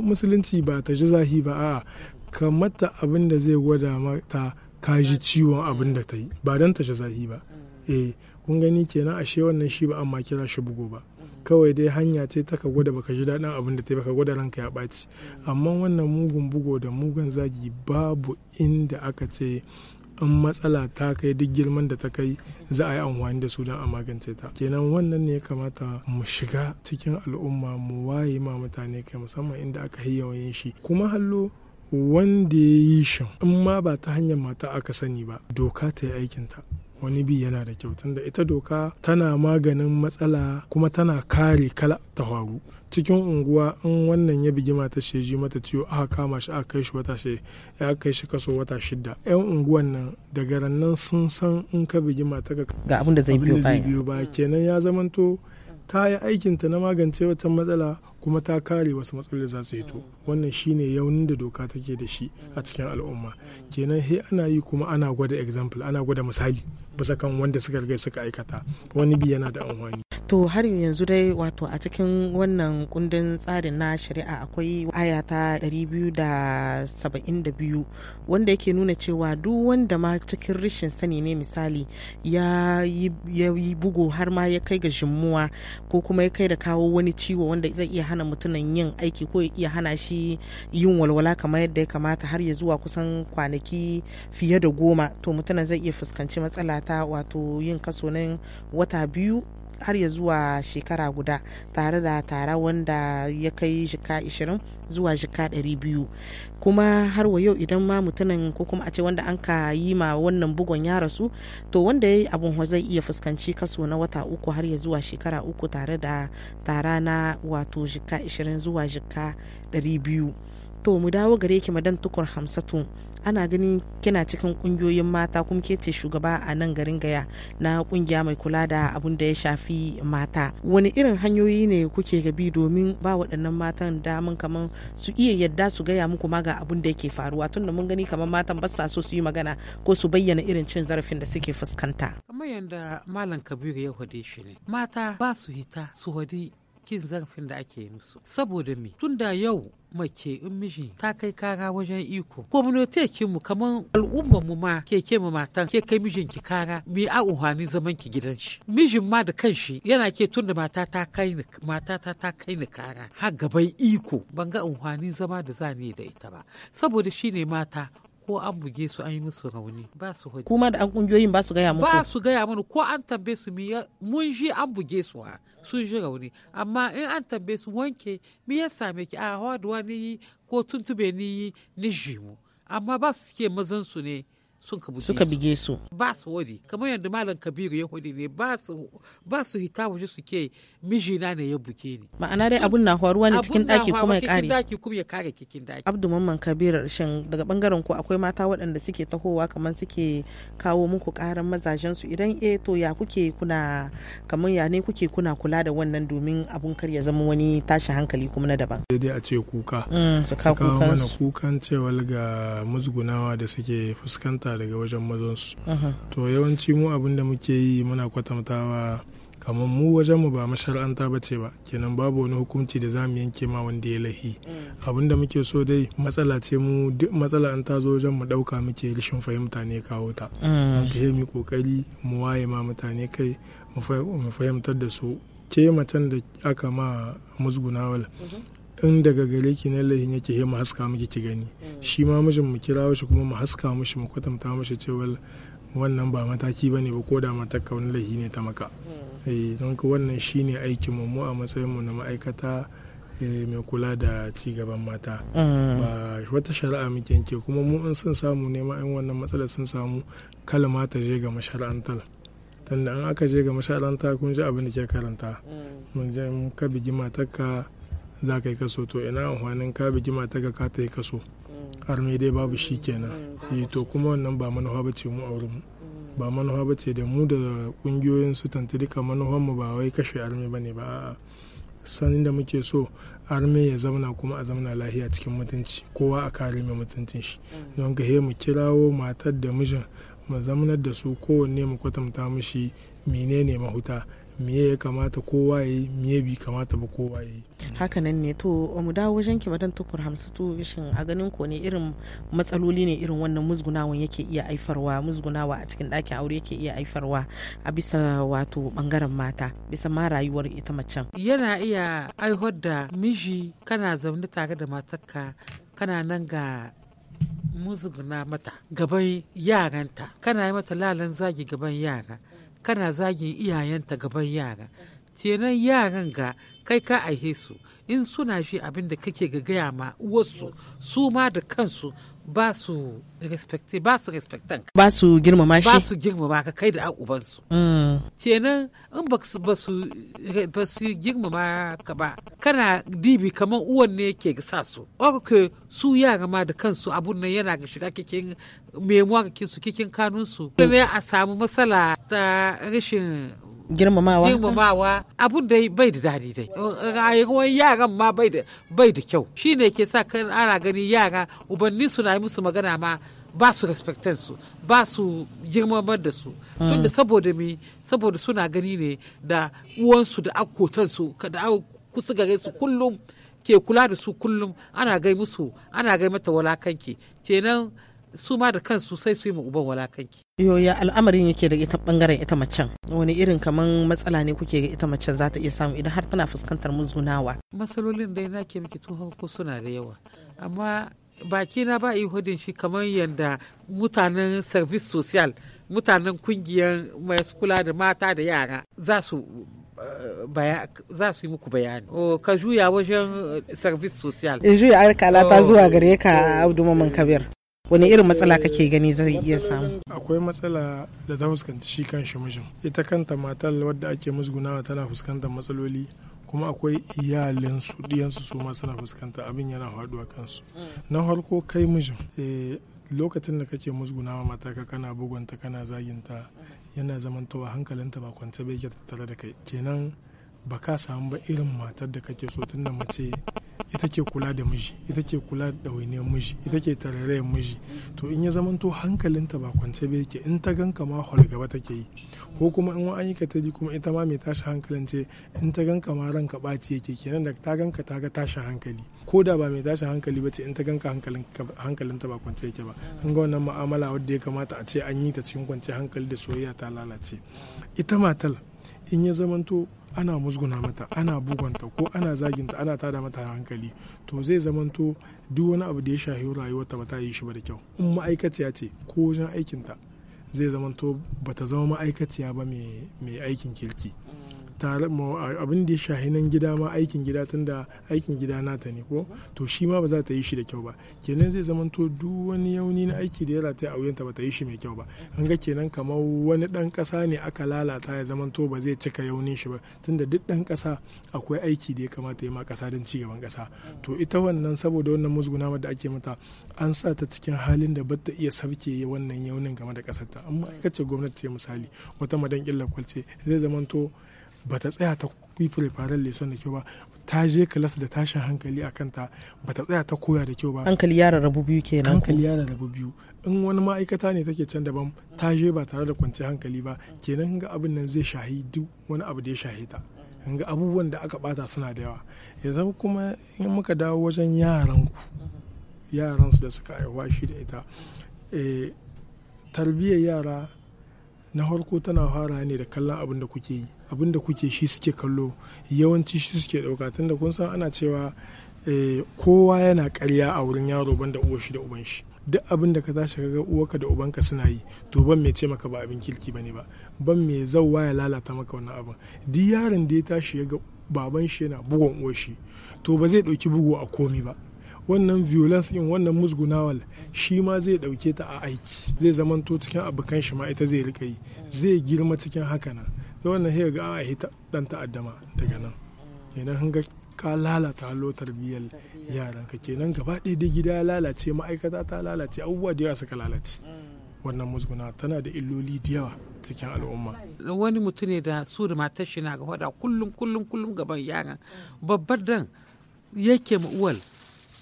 S2: musulunci ba ta ji zahi ba a'a ta abin da zai gwada mata ka ji ciwon abin da ta yi ba don ta zahi ba mm. eh kun gani kenan ashe wannan shi ba amma kira shi bugo ba kawai dai hanya ce ta ka gwada baka ji daɗin abin da ta baka gwada ranka ya ɓaci amma wannan mugun bugo da mugun zagi babu inda aka ce in matsala ta kai duk girman da ta kai za a yi amfani da su don a magance ta kenan wannan ne ya kamata mu shiga cikin al'umma mu waye ma mutane kai musamman inda aka yin shi kuma hallo wanda ya yi shin in ma ba ta hanyar mata aka sani ba doka ta yi aikinta wani bi yana da kyau tunda ita doka tana maganin matsala kuma tana kare kala ta faru cikin unguwa in wannan ya bigi mata sheji mata ciwo aka kama shi aka kai shi wata shi ya kai shi kaso wata shida yan unguwan nan daga rannan sun san in ka bigi mata ga abin da zai biyo baya kenan ya zamanto ta yi aikinta na magance wata matsala kuma ta kare wasu matsalolin za su to wannan shine yaunin da doka take da shi a cikin al'umma kenan he ana yi kuma ana gwada example ana gwada misali bisa kan wanda suka riga suka aikata wani bi yana da amfani
S1: to har yanzu dai wato a cikin wannan kundin tsarin na shari'a akwai aya ta 272 wanda yake nuna cewa duk wanda ma cikin rashin sani ne misali ya yi bugu har ma ya kai ga jimuwa ko kuma ya kai da kawo wani ciwo wanda zai iya hana mutumin yin aiki ko ya iya hana shi yin walwala kamar yadda ya kamata har ya zuwa kusan kwanaki fiye da goma to mutumin zai iya fuskanci matsala ta wato yin kaso nan wata biyu har ya zuwa shekara guda tare da tara wanda ya kai jika 20 zuwa jika 200 kuma har wa yau idan ma mutumin ko kuma a ce wanda an ka yi ma wannan bugon ya rasu to wanda ya yi abin zai iya fuskanci kaso na wata uku har ya zuwa shekara uku tare da tara na wato jika 20 zuwa jika 200 to mu dawo gare ki madan tukur hamsatu ana ganin kina cikin kungiyoyin mata kuma ke ce shugaba a nan garin gaya na kungiya mai kula da abun da ya shafi mata wani irin hanyoyi ne kuke gabi domin ba waɗannan matan daman kamar su iya yadda su gaya muku ma ga abun da yake faruwa tunda mun gani kamar matan ba so su yi magana ko su bayyana irin cin zarafin da suke fuskanta
S3: kamar yadda malam kabiru ya hode shi ne mata ba su hita su hodi kin zarafin da ake musu saboda me tunda yau mace in miji ta kai kara wajen iko community mu kamar al'umma mu ma ke ke ma matan ke kai mijin ki kara mi a unhani zaman ki gidan shi mijin ma da kanshi yana ke tunda mata ta kai ni mata ta ta kai ni kara har gaban iko ban ga unhani zama da za da ita ba saboda shine mata ko an buge su an yi musu rauni ba su hoji kuma
S1: da an kungiyoyin ba su gaya muku ba
S3: su gaya mana ko an tambaye su mun ji an buge su a sun ji rauni amma in an tambaye su wanke mi ya same ki a hawa ni ko tuntube ni ni jimu amma ba su suke mazan su ne sun ka suka bige su ba su wadi kamar yadda malam kabiru ya wadi ne ba su hita waje su ke mijina ne ya buke ni ma'ana dai abun
S1: na faruwa ne cikin daki kuma ya kare daki
S3: kuma ya kare cikin daki
S1: abdu mamman kabir shin daga bangaren ku akwai mata waɗanda suke tahowa kamar suke kawo muku karan mazajen su idan eh to ya kuke kuna kamar ya ne kuke kuna kula da wannan domin abun kar ya zama wani tashin hankali kuma
S2: na daban daidai a ce kuka mm, saka kukan cewa ga musgunawa da suke fuskanta daga wajen mazansu to yawanci mu abin da muke yi muna kwatantawa kamar mu wajen mu ba mashar'anta ba ce ba kenan babu wani hukunci da zamu yanke ma wanda ya lahi mm. abin da muke so dai matsala ce mu duk matsala an ta zo wajen mu dauka muke rashin fahimta ne kawo ta kai mm. yi kokari mu waye ma mutane kai mu fahimtar da su ke macen da aka ma musgunawal mm-hmm. in daga gare ki na lahin yake he mu haska miki ki gani shi ma mijin mu kira shi kuma mu haska mishi mu kwatanta mishi cewa wannan ba mataki bane ba koda mata wani lahi ne ta maka hmm. eh don ka wannan shine aikin mu mu a matsayin mu na ma'aikata eh, mai kula da ci gaban mata hmm. ba wata shari'a muke yanke kuma mu in sun samu ne ma in wannan matsalar sun samu kalma ta je ga mashara'antar tunda an aka je ga mashara'anta kun ji abin da ke karanta hmm. mun je ka bigi matarka za ka yi kaso to ina amfanin ka bigi mata ka ta yi kaso har dai babu shi kenan yi eh, to kuma wannan ba manufa ba ce mu a wurin ba manufa ba ce da mu da kungiyoyin su duka manufan mu ba wai kashe arme ba ne ba a'a sanin da muke so arme ya zauna kuma a zauna lahiya cikin mutunci kowa a kare mai mutuncin shi don ga mu kirawo matar da mijin mu zamanar da su kowanne mu kwatanta mishi menene mahuta miye ya kamata kowa ya yi miye bi kamata ba kowa ya yi
S1: hakanan ne to mu dawo wajen ki madan tukur to shin a ganin ko ne irin matsaloli ne irin wannan musgunawan yake iya aifarwa musgunawa a cikin ɗakin aure yake iya aifarwa a bisa wato bangaren mata bisa ma rayuwar ita macen
S3: yana iya aihar da miji kana zaune tare da matarka kana nan ga musguna mata gaban yaranta kana yi mata lalan zagi gaban yara kana zagin iyayenta gaban yara tenan yaran ga kai ka aihe su in suna shi abin da kake ga gaya ma wasu su ma da kansu ba su respecte ba su respectan ba su girmama shi ba su girmama ka kai da uban su mm. kenan in ba su ba su ba su girmama ka ba kana dibi kamar uwan ne ke sa su okay su yara ma da kansu abun nan yana ga shiga kikin memuwa kikin su kikin kanun su ne a samu matsala ta rashin girmamawa girmamawa abu da bai da dadi dai rayuwar yaran ma bai da bai da kyau shine ke sa kan ana gani yara ubanni suna yi musu magana ma ba su respectan su ba su girmamar da su hmm. tunda saboda mi saboda suna gani ne da uwansu da akkotansu da kusa gare su kullum ke kula da su kullum ana gai musu ana gai mata walakanki kenan su ma da kansu sai su yi ma uban walakanki.
S1: Yo ya al'amarin yake da ita bangaren ita macen wani irin kamar matsala ne kuke ga ita macen za ta iya samu idan har tana fuskantar muzunawa
S3: Matsalolin dai na ke miki tuhon ko suna da yawa amma baki na ba ihudin shi kamar yadda mutanen service social mutanen kungiyar mai kula da mata da yara za su eh, za su yi muku bayani oh, ka juya wajen
S2: eh, service social in eh, juya ta oh. zuwa gare
S1: ka oh. abdu mamman kabir wani irin matsala kake gani zai iya samu
S2: akwai matsala da ta fuskanci shi kan shi mijin ita kanta matar wadda ake musgunawa tana fuskantar matsaloli kuma akwai iyalinsu diyansu su ma suna fuskanta abin yana faduwa kansu na farko kai mijin eh, lokacin da kake musgunawa ka kana bugunta kana zaginta yana zamantowa hankalinta ba kwance bai ke tattare da kai kenan ba ka samu ba irin matar da kake so da mace ita ke kula da miji ita ke kula da wani miji ita ke tararayar miji to in ya zamanto hankalinta ba kwance ba yake in ta ganka ma gaba take yi ko kuma in wani ka ta kuma ita ma mai tashi hankalin ce in ta ganka ma ranka ɓaci yake kenan da ta ganka ta ga tashi hankali ko da ba mai tashi hankali ba ce in ta ganka hankalinta ba kwance yake ba an ga wannan mu'amala wadda ya kamata a ce an yi ta cikin kwance hankali da soyayya ta lalace ita matal in ya zamanto ana musguna mata ana bugunta ko ana zaginta ana tada mata hankali to zai zamanto duk wani abu da ya shahi rayuwarta ba ta yi shi ba da kyau in ma'aikaciya ce ko wajen aikinta zai zamanto ba ta zama ma'aikaciya ba mai aikin kirki tare abin da ya shahi gida ma aikin gida tunda aikin gida nata ne ko to shi ma ba za ta yi shi da kyau ba kenan zai zama to duk wani yauni na aiki da ya rata a wuyanta ba ta yi shi mai kyau ba an ga kenan kamar wani dan kasa ne aka lalata ya zama to ba zai cika yaunin shi ba tunda duk dan kasa akwai aiki da ya kamata ya ma kasa don ci gaban kasa to ita wannan saboda wannan musguna da ake mata an sa ta cikin halin da bata iya sabke wannan yaunin game da kasarta amma aikace gwamnati ce misali wata madan kwalce zai zama to ba ta tsaya ta yi firifaren lesson da kyau ba ta je kilas da tashin hankali a kanta ba ta tsaya ta koya da kyau ba
S1: hankali yara rabu biyu nan hankali yara rabu
S2: biyu in wani ma'aikata ne take can daban ta je ba tare da kwanci hankali ba kenan ga abin nan zai shahi duk wani abu da ya shahi ta ga abubuwan da aka bata suna da yawa yanzu kuma in muka dawo wajen yaran ku yaran su da suka haihuwa shi da ita eh, tarbiyyar yara na farko tana fara ne da kallon abin da kuke yi abin da kuke shi suke kallo yawanci shi suke ɗauka tunda kun san ana cewa eh, kowa yana karya a wurin yaro banda uwar shi da uban shi duk abin da ka tashi kaga uwarka da ubanka suna yi to ban mai ce maka ba abin kirki bane ba ban mai zauwa ya lalata maka wannan abin duk yaron da ya tashi ya ga baban shi yana bugun uwar shi to ba zai ɗauki bugu a komi ba wannan violence in wannan musgunawal shi ma zai ɗauke ta a aiki zai zamanto cikin abokan shi ma ita zai rika yi zai girma cikin haka nan da wannan sai ga a hita dan ta'addama daga nan kenan hanga ka lalata hallo tarbiyyar ka kenan gaba ɗaya da gida lalace ma'aikata ta lalace abubuwa da yawa suka lalace wannan musguna tana da illoli da yawa cikin al'umma. Wani
S3: mutum ne da su da matar shi na ga faɗa kullum kullum kullum gaban yaran babbar dan yake ma'uwal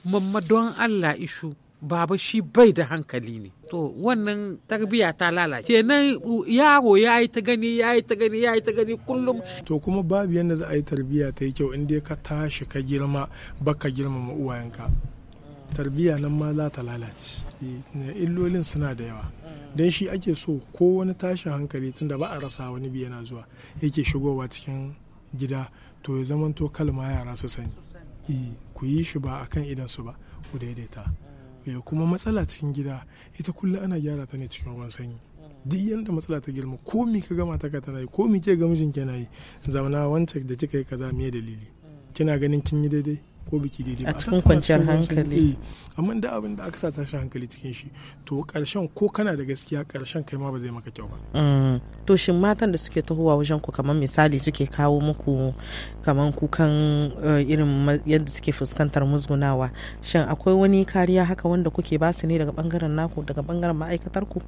S3: mamma don Allah ishu baba shi bai da hankali ne to wannan tarbiya ta lalace
S2: nan yaro ya yi ta gani ya yi ta gani ya yi ta gani kullum to kuma babu yadda za a yi tarbiya ta yi kyau in dai ka tashi ka girma baka girmama uwayenka tarbiyya nan ma za ta lalace eh, illolin suna da yawa dan shi ake so ko wani tashin hankali tunda ba a rasa wani biyana zuwa yake shigowa cikin gida to ya zamanto kalma yara su sani ku yi shi ba kan kan su ba ku daidaita mm. eh, kuma matsala cikin gida ita kullum ana gyara ta ne cikin ruwan sanyi mm. duk yadda matsala ta girma ko mi ka gama ta kata yi ko mi ke ga mijin na yi zamana wancan da kika yi kaza miye dalili mm. kina ganin kin yi daidai ko biki daidai ba a cikin kwanciyar hankali eh, amma da abin da aka sa tashin hankali cikin shi to karshen ko kana da gaskiya karshen kai ma ba zai maka kyau ba
S1: mm. to shin matan da suke tahowa wajen ku kamar misali suke kawo muku kamar kukan eh, irin yadda suke fuskantar musgunawa shin akwai wani kariya haka wanda kuke ba su ne daga bangaren naku daga bangaren
S2: ma'aikatar ku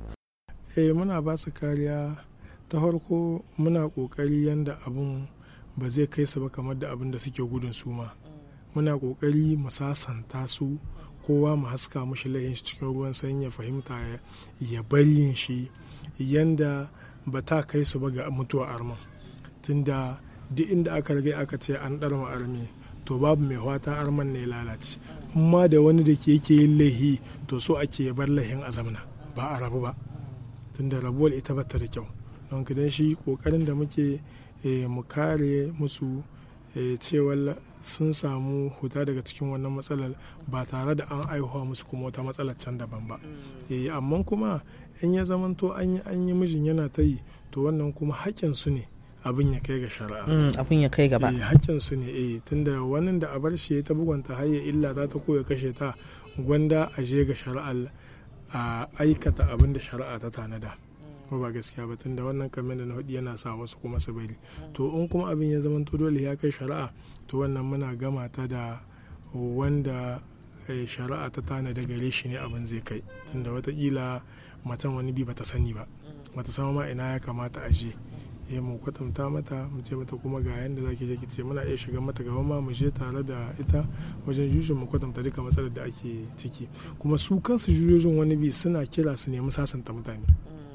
S2: eh muna ba su kariya ta farko muna kokari yanda abun ba zai kai su ba kamar da abin da suke gudun suma. muna kokari mu sasanta su kowa mu haska mushi layin shi cikin ruwan sanyi ya fahimta ya bari shi yanda ba ta kai su ba ga mutuwa arman tunda duk inda aka rage aka ce an ɗarma armi to babu mai fatan arman ne lalace amma da wani da ke yake yin laihi to so ake bar lahin azamna ba a rabu ba tunda rabuwar ita ba ta da kyau don shi kokarin da muke eh, mu kare musu eh, cewar sun samu huta daga cikin wannan matsalar ba tare da an aihuwa musu kuma wata matsalar can daban ba yayi mm. eh, amma kuma in ya zamanto an yi an yi mijin yana ta yi to wannan kuma haƙƙin su ne abin ya kai ga shari'a mm,
S1: abin ya kai gaba eh, haƙƙin
S2: su ne eh tunda wannan da a bar shi ta bugunta har ya illa ta ta koya kashe ta gwanda a je ga shari'ar a aikata abin da shari'a ta tanada kuma ba gaskiya ba tunda wannan kamar da na hudu yana sa wasu kuma su bari to in kuma abin ya zama dole ya kai shari'a to wannan muna gama ta da wanda eh, shari'a ta tana da gare shi ne abin zai kai tunda watakila macen wani bi bata sani ba bata sama ma ina ya kamata a je ya eh, mu kwatanta mata mu ce mata kuma ga yanda zaki je ki ce muna iya shiga mata gaba ma mu je tare da ita wajen jujin mu kwatanta duka matsalar da ake ciki kuma su kansu jujojin wani bi suna kira su nemi sasanta mutane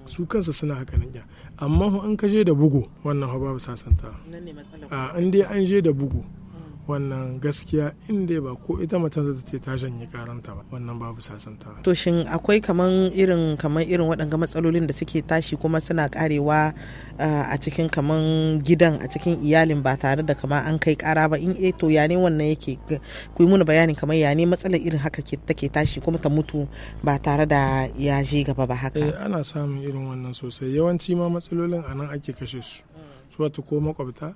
S2: su kansa suna haka nan amma an ka je da bugu wannan babu sasanta a an dai an je da bugu wannan gaskiya inda ba ko ita macen ta ce ta janye karanta ba wannan babu sasanta to shin akwai kaman irin
S1: kaman irin waɗanga matsalolin da suke tashi kuma suna karewa eh, a cikin kaman gidan a cikin iyalin ba tare da kama an kai kara ba in eh to ya ne wannan yake ku yi mana bayanin kaman ya ne matsalar irin haka take tashi kuma ta mutu ba tare da ya je gaba
S2: ba haka eh, ana samun irin wannan sosai yawanci ma matsalolin anan ake kashe su su ko makwabta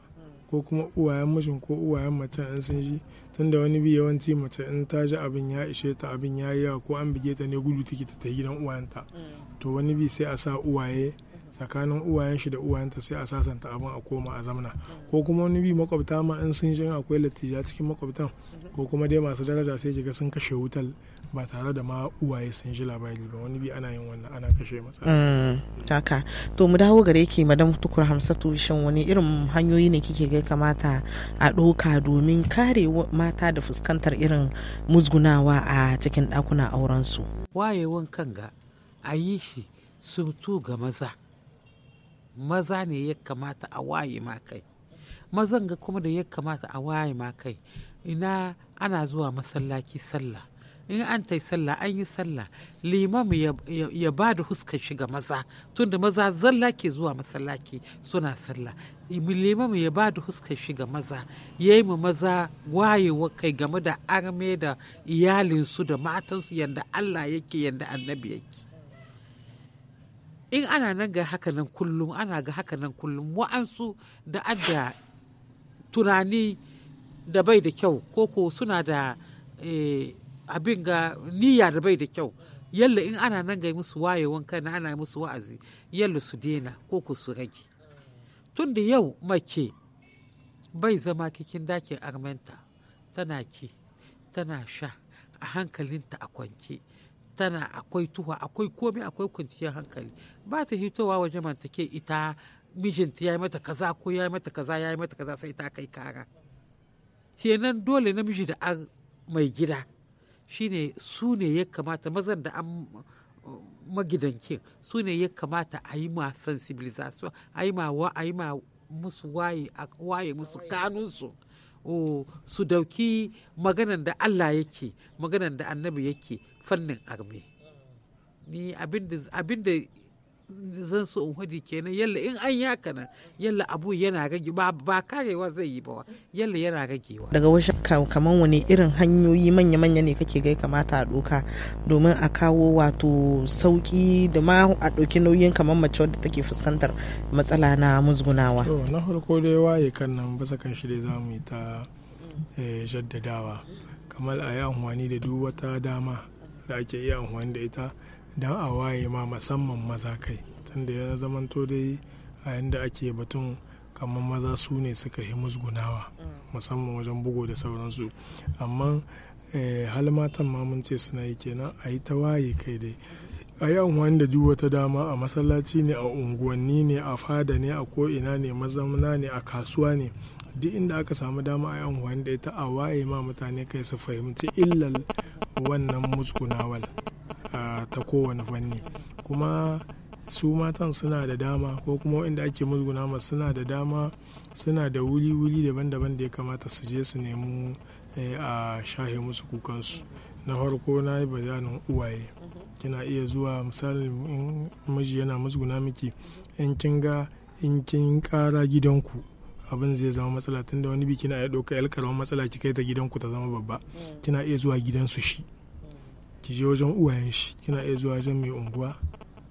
S2: ko kuma uwayen mijin ko uwayen mace in sun shi tunda wani bi yawanci mace in ta ji abin ya ishe ta abin ya yi yawa ko an bige ta ne gudu take ta ta gidan ta mm. to wani bi sai a sa uwaye tsakanin uwayen shi da uwayenta sai a sasanta abin a koma a zamana ko kuma wani bi makwabta ma in sun shin akwai latija cikin makwabtan ko kuma dai masu daraja sai kiga sun kashe wutar ba tare da ma uwaye sun ji labari ba wani bi ana yin wannan ana kashe masa.
S1: Mm, haka to mu dawo gare ki madam tukur hamsatu shin wani irin hanyoyi ne kike ga kamata a ɗoka domin kare mata da fuskantar irin musgunawa a cikin ɗakuna aurensu.
S3: wayewan kanga a yi shi su ga maza maza ne ya kamata a waye ma kai mazan ga kuma da ya kamata a waye ma kai ina ana zuwa masallaki sallah in an yi sallah an yi sallah limam ya ba da huskar shiga maza tunda maza zalla ke zuwa masallaki suna sallah limam ya ba da huskar shiga maza ya yi ma maza wayewa kai game da arme da iyalinsu da matansu yadda allah yake yadda annabi yake in ana nan ga haka nan kullum ana ga haka nan kullum wa'ansu da adda tunani da bai da kyau koko suna da eh, abin ga niyya da bai da kyau yalla in ana nan ga musu wayewan kana ana musu wa'azi yalla su daina ko su rage tun da yau make bai zama cikin dakin armenta tana ki tana sha a hankalinta a kwanke tana akwai tuwa akwai komai akwai kwanciyar hankali ba ta hitowa waje mantake ita mijinta ya yi mata kaza ko ya yi mata kaza ya yi mata kaza sai ta kai kara kenan dole namiji da an mai gida shine su ne ya kamata mazan da an uh, magidankin su ne ya kamata a yi ma sensibilization a yi ma musu waye waye musu kanunsu oh, su dauki maganan da Allah yake maganan da annabi yake fannin arme ni abinda zan so in hudi kenan yalla in an ya kana yalla abu yana gage ba karewa zai yi ba yalla yana ragewa
S1: daga wasu kamar wani irin hanyoyi manya manya ne kake gai kamata a doka domin a kawo wato sauki da ma a ɗauki nauyin kamar mace wadda take fuskantar matsala na musgunawa
S2: na farko dai waye kan nan bisa kan shi dai mu yi ta eh, jaddadawa kamar a yi amfani da duk wata dama da ake iya amfani da ita don a waye ma musamman maza kai tunda ya zamanto dai a yanda ake batun kamar maza su ne suka yi musgunawa musamman wajen bugo da sauransu amma eh, hal matan ma mun ce suna yi kenan a yi ta waye kai dai a yi amfani da duk wata dama a masallaci ne a unguwanni ne a fada ne a ko'ina ne mazamuna ne a kasuwa ne duk inda aka samu dama a yi amfani da ita a waye ma mutane kai su fahimci illal wannan musgunawal ta kowane fanni kuma su matan suna da dama ko kuma inda ake musguna ma suna da dama suna da wuri-wuri daban-daban da ya kamata su je su nemi eh, a shahe musu kukansu na farko na yi bayanin uwaye kina iya zuwa misalin in miji yana musguna miki in kin ga in kin kara gidanku abin zai zama matsala tunda wani biki na ya ɗauka yar karamar matsala ki kai ta ku ta zama babba mm. kina iya zuwa gidansu shi mm. ki je wajen uwayen shi kina iya zuwa wajen mai unguwa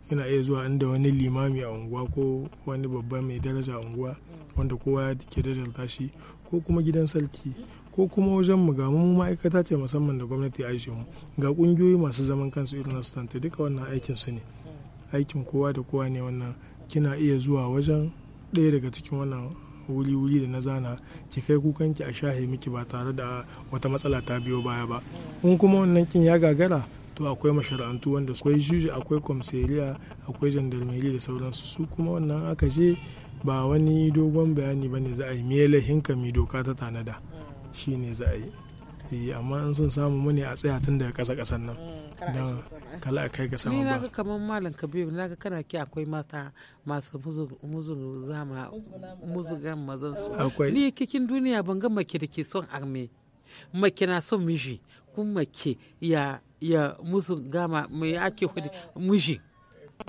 S2: kina iya zuwa inda wani limami a unguwa ko wani babba mai daraja a unguwa mm. wanda kowa ke darajarta shi ko kuma gidan sarki ko kuma wajen mu ga mu ma'aikata ce musamman da gwamnati ajiye mu ga kungiyoyi masu zaman kansu irin nasu tante duka wannan aikin su ne aikin kowa da kowa ne wannan kina iya zuwa wajen ɗaya daga cikin wannan wuri-wuri da na zana ki kai kukan ki a shahe miki ba tare da wata matsala ta biyo baya ba mm. in kuma wannan kin ya gagara to akwai mashara'antu wanda akwai juji akwai kwamseriya akwai jandarmeri da sauransu su kuma wannan aka je ba wani dogon bayani bane za a yi me lahinka mai doka ta tanada mm. shine za a yi Eh, amma in sun samu mune a tsaya tun daga kasa kasan nan don mm, kala a kai ga sama ba. Ni naga kamar Malam
S3: Kabiru naga kana ki akwai mata masu muzun zama muzugan mazan su. Akwai. Ni kikin duniya ban ga mace da ke son arme. Mace na son miji kun mace ya ya musu gama mai ake hudu miji.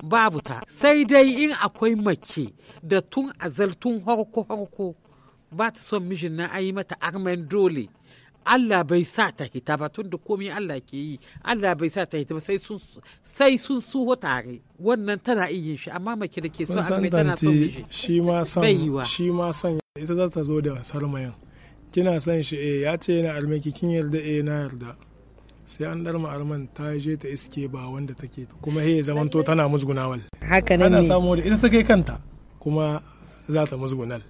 S3: Babu ta sai dai in akwai mace da tun azal tun harko harko ba ta son mijin na ayi mata armen dole. Allah bai sa ta hita ba tun da komai Allah ke yi Allah bai sa ta hita ba sai sun su sun suho tare wannan tana iya shi amma mace da ke so a tana so shi ma san
S2: shi ma san ita za ta zo da sarmayan kina san shi eh ya ce yana almaki kin yarda eh na yarda sai an dar ma'arman ta je ta iske ba wanda take kuma he zamanto tana musgunawal haka ne ana samu da ita ta kai kanta kuma za ta musgunal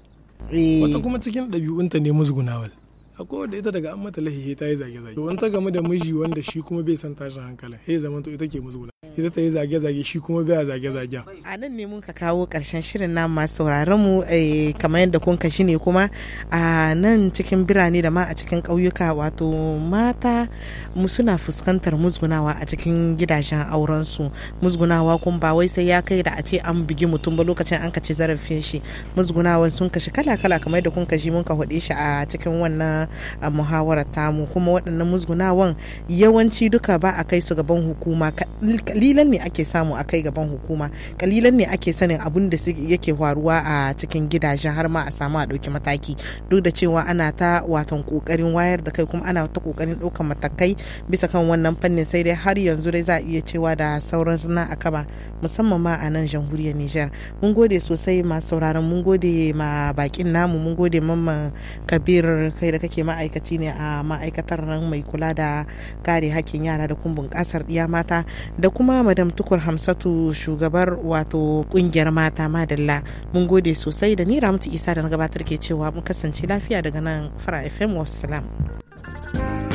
S2: eh. wata kuma cikin ɗabi'unta ne musgunawal akwai wanda ita daga an mata lahihi ta yi zage-zage wani ta gamu da miji wanda shi kuma bai san tashin hankalin sai zaman to ita ke musu ita ta yi zage-zage shi kuma bai zage zage
S1: a nan ne mun ka kawo karshen shirin na ma sauraron mu eh, kamar yadda kun ka ne kuma a nan cikin birane da ma a cikin ƙauyuka wato mata mu suna fuskantar musgunawa a cikin gidajen auren su musgunawa kun ba wai sai ya kai da a ce an bigi mutum ba lokacin an kaci zarafin shi musgunawan sun kashi kala-kala kamar yadda kun ka shi mun ka hude shi a cikin wannan A muhawara tamu kuma waɗannan musgunawan yawanci duka ba a kai su gaban hukuma kalilan ne ake samu a kai gaban hukuma kalilan ne ake sanin abun da yake faruwa a cikin gidajen har ma a samu a ɗauki mataki duk da cewa ana ta watan ƙoƙarin wayar da kai kuma ana ta ƙoƙarin ɗaukar matakai bisa kan wannan fannin sai dai har yanzu dai za a iya cewa da sauran na a kaba musamman ma a nan jamhuriyar Nijar mun gode sosai ma sauraron mun gode ma bakin namu mun gode mamman kabir kai da kake ke ma'aikaci ne a ma'aikatar nan mai kula da kare hakkin yara da kumbin kasar ɗiya mata da kuma madam tukur hamsatu shugabar wato kungiyar mata madalla mun gode sosai da ni ramtu isa da na gabatar ke cewa mun kasance lafiya daga nan fara fm wasu thank you